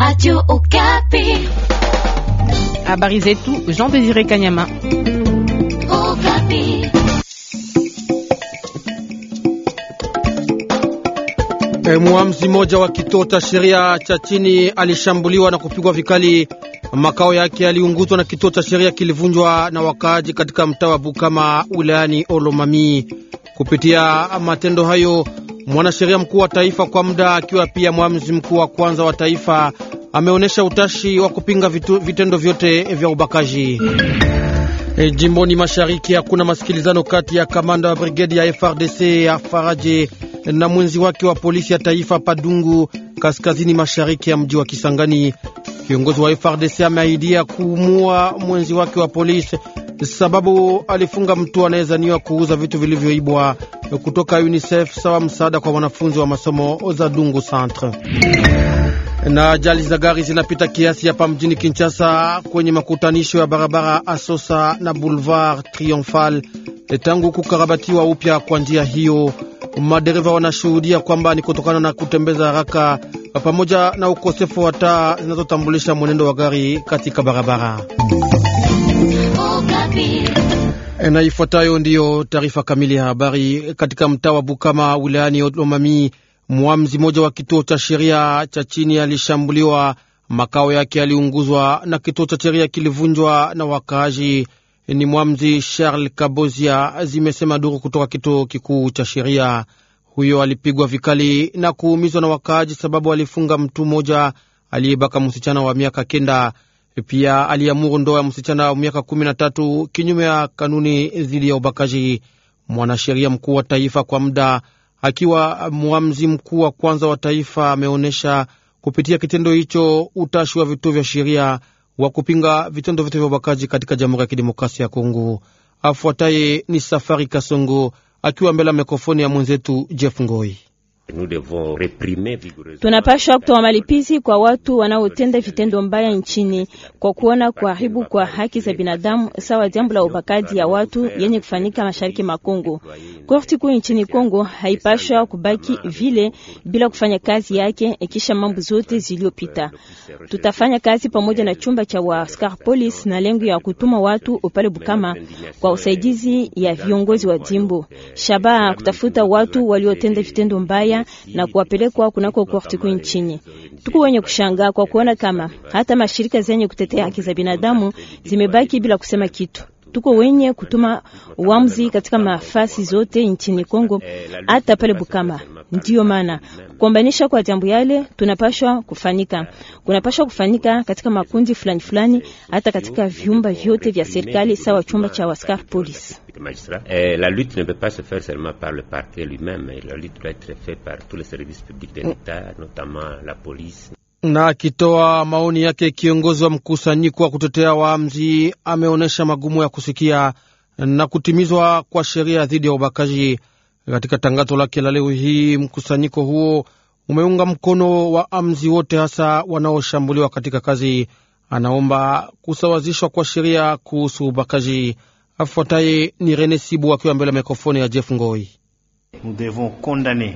Radio Okapi. Habari zetu Jean Désiré Kanyama. Okapi. E, muamzi mmoja wa kituo cha sheria cha chini alishambuliwa na kupigwa vikali. Makao yake yaliunguzwa na kituo cha sheria kilivunjwa na wakaaji katika mtaa wa Bukama wilayani Olomami. Kupitia matendo hayo, mwanasheria mkuu wa taifa kwa muda akiwa pia mwamzi mkuu wa kwanza wa taifa ameonyesha utashi wa kupinga vitu, vitendo vyote vya ubakaji. E, jimboni mashariki hakuna masikilizano kati ya kamanda wa brigedi ya FRDC ya Faraje na mwenzi wake wa polisi ya taifa Padungu kaskazini mashariki ya mji wa Kisangani. Kiongozi wa FRDC ameahidia kuumua mwenzi wake wa polisi sababu alifunga mtu anayezaniwa kuuza vitu vilivyoibwa kutoka UNICEF sawa msaada kwa wanafunzi wa masomo za Dungu Centre na ajali za gari zinapita kiasi hapa mjini Kinshasa kwenye makutanisho ya barabara Asosa na Boulevard Triomphal e, tangu kukarabatiwa upya kwa njia hiyo. Madereva wanashuhudia kwamba ni kutokana na kutembeza haraka pamoja na ukosefu wa taa zinazotambulisha mwenendo wa gari katika barabara. E, na ifuatayo ndiyo taarifa kamili ya habari. Katika mtaa wa Bukama wilayani Lomami Mwamzi mmoja wa kituo cha sheria cha chini alishambuliwa, makao yake yaliunguzwa na kituo cha sheria kilivunjwa na wakaaji. Ni mwamzi Charles Kabozia, zimesema duru kutoka kituo kikuu cha sheria. Huyo alipigwa vikali na kuumizwa na wakaaji, sababu alifunga mtu mmoja aliyebaka msichana wa miaka kenda. Pia aliamuru ndoa ya msichana wa miaka kumi na tatu kinyume ya kanuni dhidi ya ubakaji. Mwanasheria mkuu wa taifa kwa muda akiwa mwamzi mkuu wa kwanza wa taifa, ameonyesha kupitia kitendo hicho utashi wa vituo vya sheria wa kupinga vitendo vyote vya ubakaji katika Jamhuri ya Kidemokrasia ya Kongo. Afuataye ni Safari Kasongo akiwa mbele ya mikrofoni ya mwenzetu Jeff Ngoi. Tunapashwa kutoa malipizi kwa watu wanaotenda vitendo mbaya nchini kwa kuona kuharibu kwa haki za binadamu sawa jambo la ubakaji ya watu yenye kufanyika mashariki mwa Kongo. Korti kuu nchini Kongo haipashwa kubaki vile bila kufanya kazi yake, ikisha eh, mambo zote ziliyopita. Eh, Tutafanya kazi pamoja na eh, chumba cha waskar polisi na lengo ya kutuma watu upale Bukama kwa usaidizi ya viongozi wa jimbo shabaha kutafuta watu waliotenda vitendo mbaya na kuwapelekwa kunako korti kuu nchini. Tuko wenye kushangaa kwa kuona kama hata mashirika zenye kutetea haki za binadamu zimebaki bila kusema kitu tuko wenye kutuma uamuzi katika mafasi zote nchini Kongo, eh, hata pale Bukama. Ndio maana kuambanisha kwa jambo yale tunapashwa kufanyika, kunapashwa kufanyika katika makundi fulani fulani, hata katika vyumba vyote vya serikali sawa chumba cha waskar polisi. Eh, la lutte ne peut pas se faire seulement par le parquet lui-même, la lutte doit être faite par tous les services publics de mm. l'État, notamment la police na akitoa maoni yake, kiongozi wa mkusanyiko wa kutetea waamzi ameonyesha magumu ya kusikia na kutimizwa kwa sheria dhidi ya ubakaji. Katika tangazo lake la leo hii, mkusanyiko huo umeunga mkono waamzi wote, hasa wanaoshambuliwa katika kazi. Anaomba kusawazishwa kwa sheria kuhusu ubakaji. Afuataye ni Rene Sibu akiwa mbele ya mikrofoni ya Jeff Ngoi.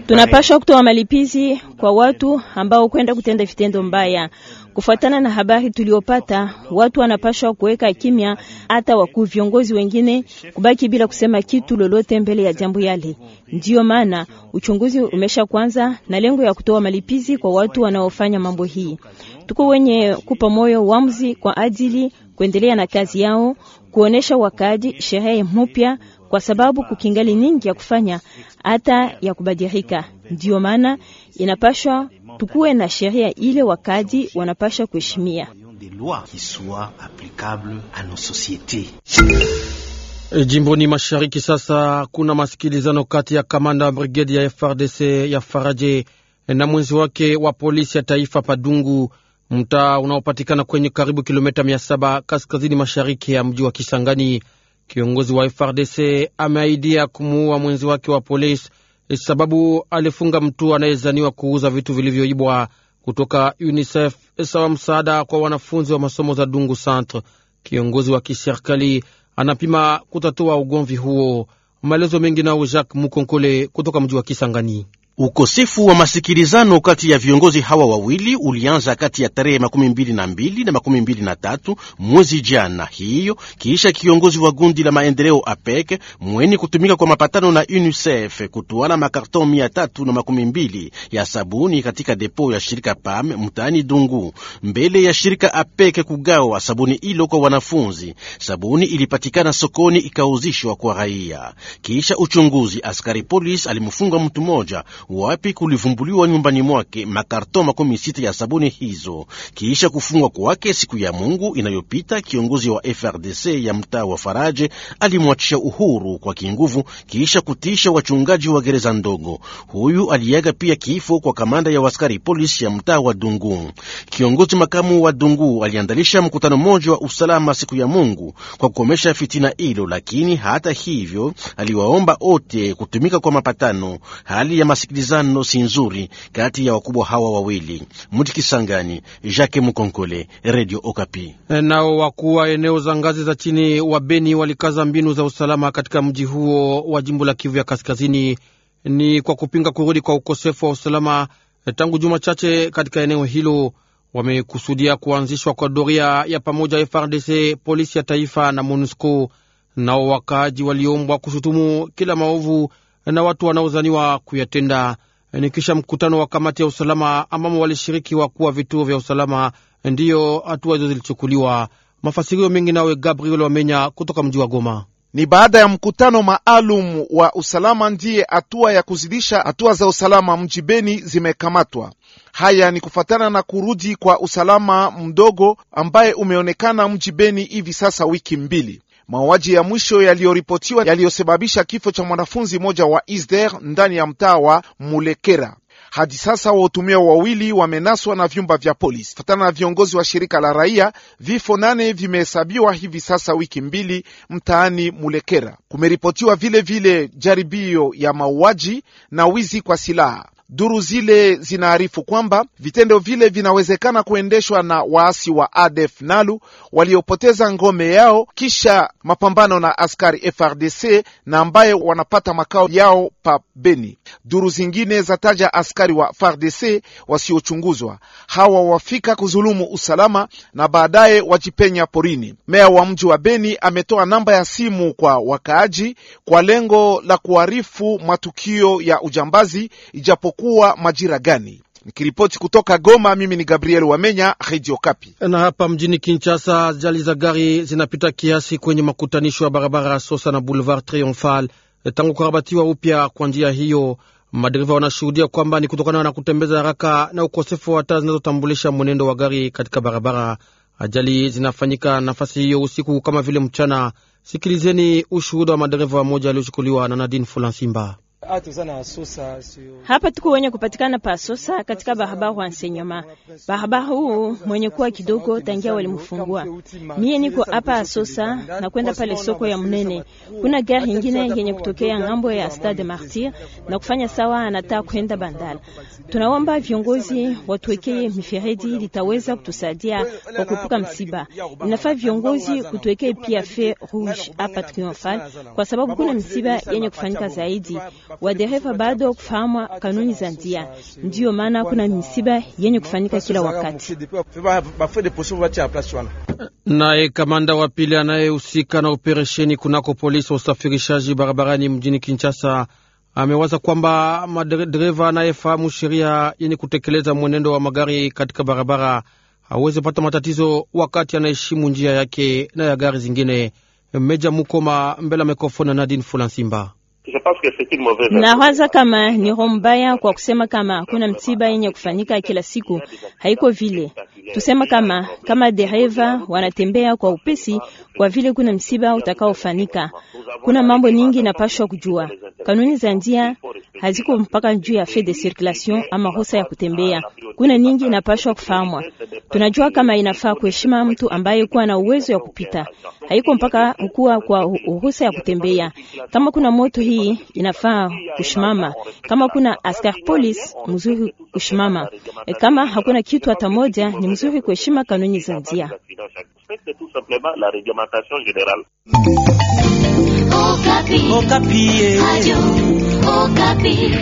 Tunapashwa kutoa malipizi kwa watu ambao kwenda kutenda vitendo mbaya. Kufuatana na habari tuliopata, watu wanapashwa kuweka kimya, hata wakuu viongozi wengine kubaki bila kusema kitu lolote mbele ya jambo yale. Ndiyo maana uchunguzi umesha kwanza na lengo ya kutoa malipizi kwa watu wanaofanya mambo hii. Tuko wenye kupa moyo wamzi kwa ajili kuendelea na kazi yao, kuonesha wakaji sherehe mpya, kwa sababu kukingali nyingi ya kufanya hata ya kubadilika. Ndio maana inapashwa tukuwe na sheria ile wakaji wanapasha kuheshimia. E, jimboni mashariki sasa, kuna masikilizano kati ya kamanda wa brigedi ya FRDC ya Faraje e, na mwenzi wake wa polisi ya taifa Padungu mtaa unaopatikana kwenye karibu kilomita saba kaskazini mashariki ya mji wa Kisangani. Kiongozi wa FRDC ameaidia kumuua mwenzi wake wa polisi eh, sababu alifunga mtu anayezaniwa kuuza vitu vilivyoibwa kutoka UNICEF eh, sawa msaada kwa wanafunzi wa masomo za Dungu Centre. Kiongozi wa kiserikali anapima kutatua ugomvi huo. Maelezo mengi nao Jacques Mukonkole kutoka mji wa Kisangani. Ukosefu wa masikilizano kati ya viongozi hawa wawili ulianza kati ya tarehe makumi mbili na mbili na makumi mbili na tatu mwezi jana, hiyo kisha kiongozi wa gundi la maendeleo APEC mweni kutumika kwa mapatano na UNICEF kutuala makarton mia tatu na makumi mbili ya sabuni katika depo ya shirika PAM mtaani Dungu mbele ya shirika APEC kugawa sabuni ilo kwa wanafunzi. Sabuni ilipatikana sokoni ikauzishwa kwa raia. Kisha uchunguzi, askari polis alimfunga mtu mmoja wapi kulivumbuliwa nyumbani mwake makarto makumi sita ya sabuni hizo kiisha kufungwa kwake siku ya Mungu inayopita. Kiongozi wa FRDC ya mtaa wa Faraje alimwachisha uhuru kwa kinguvu kiisha kutisha wachungaji wa gereza ndogo. Huyu aliaga pia kifo kwa kamanda ya waskari polisi ya mtaa wa Dungu. Kiongozi makamu wa Dungu aliandalisha mkutano mmoja wa usalama siku ya Mungu kwa kukomesha fitina hilo, lakini hata hivyo aliwaomba wote kutumika kwa mapatano hali ya masiki Sikilizano si nzuri kati ya wakubwa hawa wawili Kisangani, Jacques Mukonkole, Radio Okapi. E, nao wakuu wa eneo za ngazi za chini wa Beni walikaza mbinu za usalama katika mji huo wa jimbo la Kivu ya Kaskazini, ni kwa kupinga kurudi kwa ukosefu wa usalama e, tangu juma chache katika eneo hilo. Wamekusudia kuanzishwa kwa doria ya pamoja FRDC, polisi ya taifa na MONUSCO. Nao wakaaji waliombwa kushutumu kila maovu na watu wanaozaniwa kuyatenda ni kisha mkutano wa kamati ya usalama ambamo walishiriki wakuwa vituo vya usalama. Ndiyo hatua hizo zilichukuliwa. Mafasirio mengi nawe Gabriel Wamenya kutoka mji wa Goma. Ni baada ya mkutano maalum wa usalama ndiye hatua ya kuzidisha hatua za usalama mji Beni zimekamatwa. Haya ni kufatana na kurudi kwa usalama mdogo ambaye umeonekana mji Beni hivi sasa wiki mbili. Mauaji ya mwisho yaliyoripotiwa yaliyosababisha kifo cha mwanafunzi mmoja wa ISDER ndani ya mtaa wa Mulekera. Hadi sasa watuhumiwa wawili wamenaswa na vyumba vya polisi. Fatana na viongozi wa shirika la raia, vifo nane vimehesabiwa hivi sasa wiki mbili mtaani Mulekera. Kumeripotiwa vilevile vile jaribio ya mauaji na wizi kwa silaha. Duru zile zinaarifu kwamba vitendo vile vinawezekana kuendeshwa na waasi wa ADF Nalu waliopoteza ngome yao kisha mapambano na askari FRDC na ambaye wanapata makao yao pa Beni. Duru zingine zataja askari wa FARDC wasiochunguzwa hawa wafika kuzulumu usalama na baadaye wajipenya porini. Meya wa mji wa Beni ametoa namba ya simu kwa wakaaji kwa lengo la kuarifu matukio ya ujambazi ijapokuwa majira gani. Nikiripoti kutoka Goma, mimi ni Gabriel Wamenya, Radio Kapi. Na hapa mjini Kinshasa, ajali za gari zinapita kiasi kwenye makutanisho ya barabara Sosa na Boulevard Triomphal Tangu kukarabatiwa upya kwa njia hiyo, madereva wanashuhudia kwamba ni kutokana na kutembeza haraka na ukosefu wa taa zinazotambulisha mwenendo wa gari katika barabara, ajali zinafanyika nafasi hiyo usiku kama vile mchana. Sikilizeni ushuhuda wa madereva wa moja aliyochukuliwa na Nadine Fulansimba. Ah, hapa tuko wenye kupatikana pa sosa katika barabara wa ensenyama. Barabara huu mwenye kuwa kidogo tangia walimufungua. Mie niko hapa asosa na kwenda pale soko ya mnene. Kuna gari nyingine yenye kutokea ngambo ya Stade Martyr na kufanya sawa anataka kwenda Bandala. Tunaomba viongozi watuwekee mifereji litaweza kutusaidia kwa kuepuka msiba. Inafaa viongozi kutuwekee pia fe rouge hapa Triomphal kwa sababu kuna msiba yenye kufanyika zaidi wadereva bado kufahamu kanuni za njia, ndiyo maana kuna misiba yenye kufanyika kila wakati. Naye kamanda wa pili anayehusika na operesheni kunako polisi wa usafirishaji barabarani mjini Kinshasa amewaza kwamba madereva anayefahamu sheria yenye kutekeleza mwenendo wa magari katika barabara aweze pata matatizo wakati anaheshimu njia yake na ya gari zingine. Meja Mukoma mbele ya mikrofoni na Nadine Fulansimba. Je nawaza kama ni roho mbaya kwa kusema kama kuna msiba yenye kufanyika kila siku, haiko vile tusema kama kama dereva wanatembea kwa upesi kwa vile kuna msiba utakaofanyika. Kuna mambo nyingi napashwa kujua, kanuni za njia haziko mpaka juu ya fee de circulation ama ruhusa ya kutembea. Kuna nyingi inapashwa kufahamwa. Tunajua kama inafaa kuheshima mtu ambaye kuwa na uwezo ya kupita, haiko mpaka kuwa kwa ruhusa ya kutembea. Kama kuna moto hii inafaa kushimama, kama kuna askar polisi mzuri kushimama, e, kama hakuna kitu hata moja, ni mzuri kuheshima kanuni za njia. Okapi. Okapi. Eh.